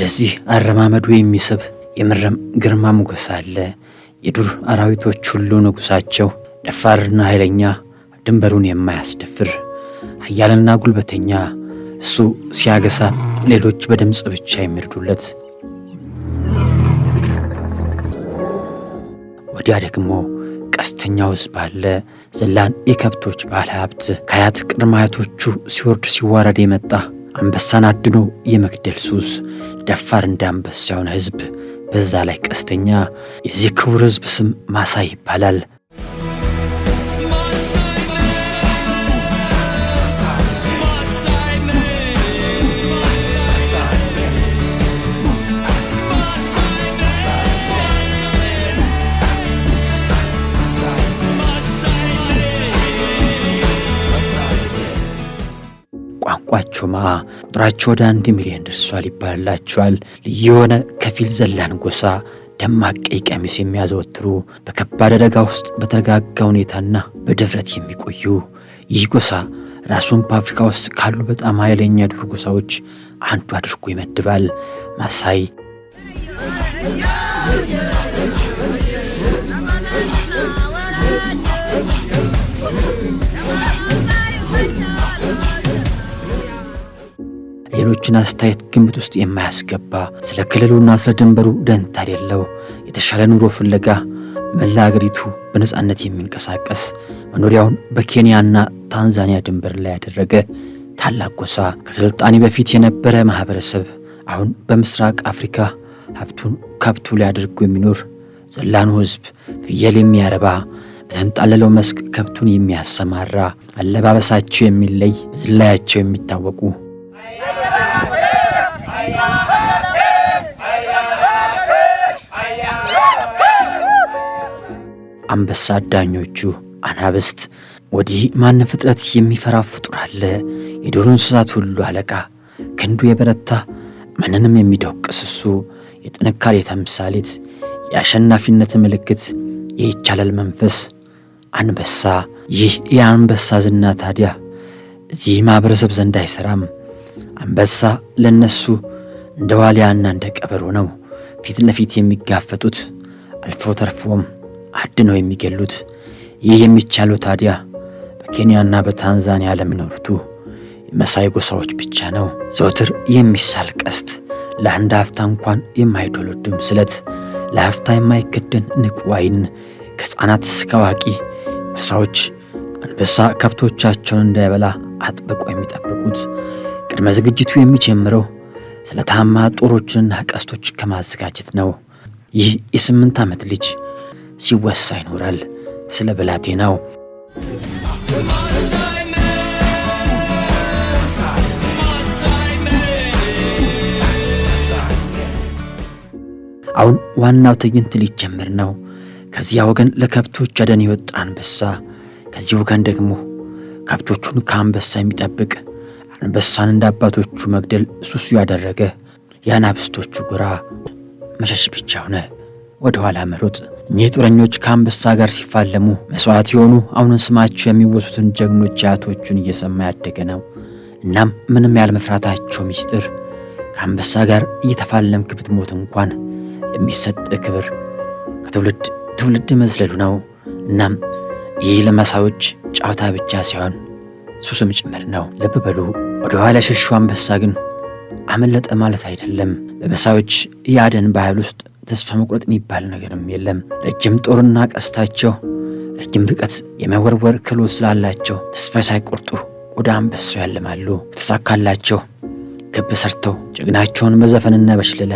ወደዚህ አረማመዱ የሚስብ የምረም ግርማ ሞገስ አለ። የዱር አራዊቶች ሁሉ ንጉሣቸው ደፋርና ኃይለኛ፣ ድንበሩን የማያስደፍር ኃያልና ጉልበተኛ፣ እሱ ሲያገሳ ሌሎች በድምፅ ብቻ የሚርዱለት። ወዲያ ደግሞ ቀስተኛው ሕዝብ አለ። ዘላን የከብቶች ባለ ሀብት ከአያት ቅድመ አያቶቹ ሲወርድ ሲዋረድ የመጣ አንበሳን አድኖ የመግደል ሱስ ደፋር እንዳንበሳ የሆነ ህዝብ በዛ ላይ ቀስተኛ። የዚህ ክቡር ህዝብ ስም ማሳይ ይባላል። ማ ቁጥራቸው ወደ አንድ ሚሊዮን ደርሷል ይባልላቸዋል። ልዩ የሆነ ከፊል ዘላን ጎሳ ደማቅ ቀይ ቀሚስ የሚያዘወትሩ በከባድ አደጋ ውስጥ በተረጋጋ ሁኔታና በድፍረት የሚቆዩ ይህ ጎሳ ራሱን በአፍሪካ ውስጥ ካሉ በጣም ኃይለኛ የዱር ጎሳዎች አንዱ አድርጎ ይመድባል። ማሳይ የሌሎችን አስተያየት ግምት ውስጥ የማያስገባ ስለ ክልሉና ስለ ድንበሩ ደንታ የሌለው የተሻለ ኑሮ ፍለጋ መላ አገሪቱ በነፃነት የሚንቀሳቀስ መኖሪያውን በኬንያና ታንዛኒያ ድንበር ላይ ያደረገ ታላቅ ጎሳ፣ ከስልጣኔ በፊት የነበረ ማህበረሰብ፣ አሁን በምስራቅ አፍሪካ ሀብቱን ከብቱ ላይ አድርጎ የሚኖር ዘላኑ ህዝብ፣ ፍየል የሚያረባ በተንጣለለው መስክ ከብቱን የሚያሰማራ፣ አለባበሳቸው የሚለይ፣ ዝላያቸው የሚታወቁ አንበሳ አዳኞቹ አናብስት ወዲህ ማን ፍጥረት የሚፈራ ፍጡር አለ? የዱር እንስሳት ሁሉ አለቃ ክንዱ የበረታ ምንንም የሚደቅስ እሱ የጥንካሬ ተምሳሌት የአሸናፊነት ምልክት የይቻላል መንፈስ አንበሳ። ይህ የአንበሳ ዝና ታዲያ እዚህ ማኅበረሰብ ዘንድ አይሠራም። አንበሳ ለነሱ እንደ ዋልያና እንደ ቀበሮ ነው ፊት ለፊት የሚጋፈጡት አልፎ ተርፎም አድነው የሚገሉት። ይህ የሚቻለው ታዲያ በኬንያና በታንዛኒያ ለሚኖሩቱ የመሳይ ጎሳዎች ብቻ ነው። ዘወትር የሚሳል ቀስት፣ ለአንድ ሀፍታ እንኳን የማይዶሎድም ስለት፣ ለሀፍታ የማይከደን ንቁ ዓይን፣ ከሕፃናት እስከ አዋቂ መሳዎች አንበሳ ከብቶቻቸውን እንዳይበላ አጥብቀው የሚጠብቁት ቅድመ ዝግጅቱ የሚጀምረው ስለታማ ጦሮችንና ቀስቶች ከማዘጋጀት ነው። ይህ የስምንት ዓመት ልጅ ሲወሳ ይኖራል። ስለ ብላቴናው አሁን ዋናው ትዕይንት ሊጀምር ነው። ከዚያ ወገን ለከብቶች አደን የወጣ አንበሳ፣ ከዚህ ወገን ደግሞ ከብቶቹን ከአንበሳ የሚጠብቅ አንበሳን እንደ አባቶቹ መግደል ሱሱ ያደረገ የአናብስቶቹ ጉራ መሸሽ ብቻ ሆነ። ወደ ኋላ መሮጥ እኚህ ጦረኞች ከአንበሳ ጋር ሲፋለሙ መስዋዕት የሆኑ አሁን ስማቸው የሚወሱትን ጀግኖች አያቶቹን እየሰማ ያደገ ነው። እናም ምንም ያለመፍራታቸው ሚስጥር ከአንበሳ ጋር እየተፋለምክ ብትሞት እንኳን የሚሰጥ ክብር ከትውልድ ትውልድ መዝለሉ ነው። እናም ይህ ለመሳዎች ጨዋታ ብቻ ሳይሆን ሱስም ጭምር ነው። ልብ በሉ። ወደ ኋላ ሸሹ አንበሳ ግን አመለጠ ማለት አይደለም። በመሳዎች የአደን ባህል ውስጥ ተስፋ መቁረጥ የሚባል ነገርም የለም። ረጅም ጦርና ቀስታቸው ረጅም ርቀት የመወርወር ክህሎት ስላላቸው ተስፋ ሳይቆርጡ ወደ አንበሳው ያልማሉ። ተሳካላቸው ክብ ሰርተው ጀግናቸውን በዘፈንና በሽለላ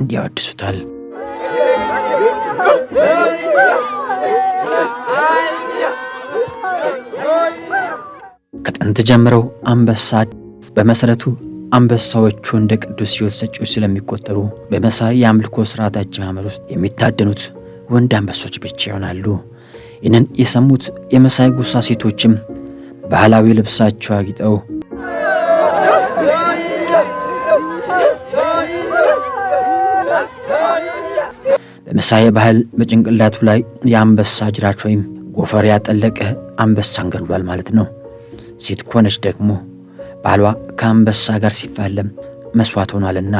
እንዲያወድሱታል። ከጥንት ጀምረው አንበሳ በመሰረቱ አንበሳዎቹ እንደ ቅዱስ ሕይወት ሰጪዎች ስለሚቆጠሩ በመሳይ የአምልኮ ሥርዓት አጀማመር ውስጥ የሚታደኑት ወንድ አንበሶች ብቻ ይሆናሉ። ይህንን የሰሙት የመሳይ ጎሳ ሴቶችም ባህላዊ ልብሳቸው አጊጠው በመሳይ ባህል በጭንቅላቱ ላይ የአንበሳ ጅራች ወይም ጎፈር ያጠለቀ አንበሳን ገድሏል ማለት ነው። ሴት ከሆነች ደግሞ ባሏ ከአንበሳ ጋር ሲፋለም መስዋዕት ሆኗልና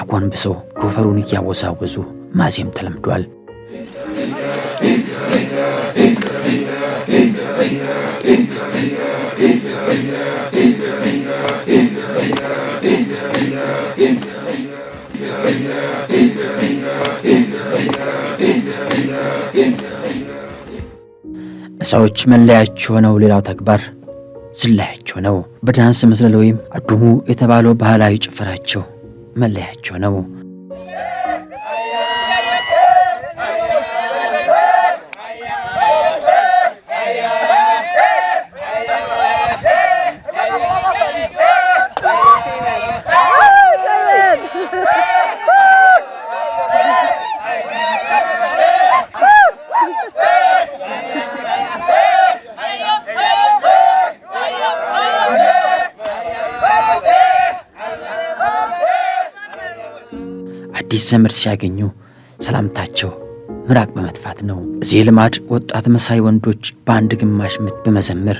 አጎንብሰው ጎፈሩን እያወዛወዙ ማዜም ተለምዷል። ሰዎች መለያች የሆነው ሌላው ተግባር ዝላያቸው ነው። በዳንስ መስለል ወይም አዱሙ የተባለው ባህላዊ ጭፈራቸው መለያቸው ነው። አዲስ ዘመድ ሲያገኙ ሰላምታቸው ምራቅ በመትፋት ነው። እዚህ ልማድ ወጣት መሳይ ወንዶች በአንድ ግማሽ ምት በመዘምር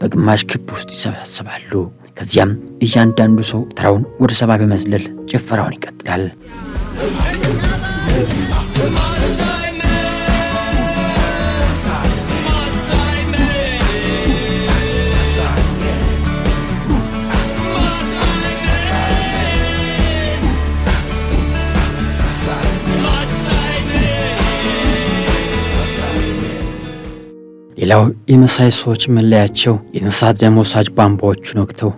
በግማሽ ክብ ውስጥ ይሰባሰባሉ። ከዚያም እያንዳንዱ ሰው ተራውን ወደ ሰባ በመዝለል ጭፈራውን ይቀጥላል። ሌላው የመሳይ ሰዎች መለያቸው የእንስሳት ደም ወሳጅ ቧንቧዎቹን ወቅተው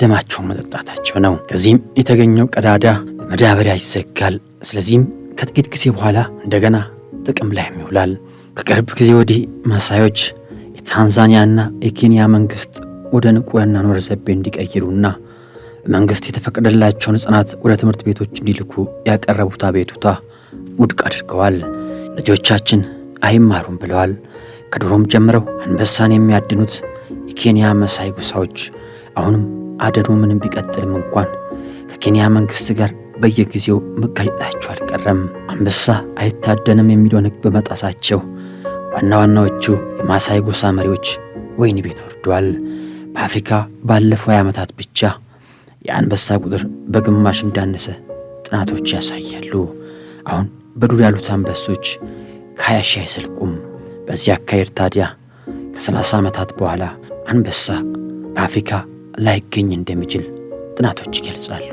ደማቸውን መጠጣታቸው ነው። ከዚህም የተገኘው ቀዳዳ መዳበሪያ ይዘጋል። ስለዚህም ከጥቂት ጊዜ በኋላ እንደገና ጥቅም ላይ ይውላል። ከቅርብ ጊዜ ወዲህ መሳዮች የታንዛኒያና የኬንያ መንግስት ወደ ንቁ የአኗኗር ዘይቤ እንዲቀይሩና መንግስት የተፈቀደላቸውን ህጻናት ወደ ትምህርት ቤቶች እንዲልኩ ያቀረቡት አቤቱታ ውድቅ አድርገዋል። ልጆቻችን አይማሩም ብለዋል። ከድሮም ጀምረው አንበሳን የሚያድኑት የኬንያ መሳይ ጎሳዎች አሁንም አደኑ ምንም ቢቀጥልም እንኳን ከኬንያ መንግሥት ጋር በየጊዜው መጋጨታቸው አልቀረም። አንበሳ አይታደንም የሚለውን ሕግ በመጣሳቸው ዋና ዋናዎቹ የማሳይ ጎሳ መሪዎች ወይን ቤት ወርደዋል። በአፍሪካ ባለፈው ሃያ ዓመታት ብቻ የአንበሳ ቁጥር በግማሽ እንዳነሰ ጥናቶች ያሳያሉ። አሁን በዱር ያሉት አንበሶች ከሀያ ሺህ አይሰልቁም። በዚህ አካሄድ ታዲያ ከ30 ዓመታት በኋላ አንበሳ በአፍሪካ ላይገኝ እንደሚችል ጥናቶች ይገልጻሉ።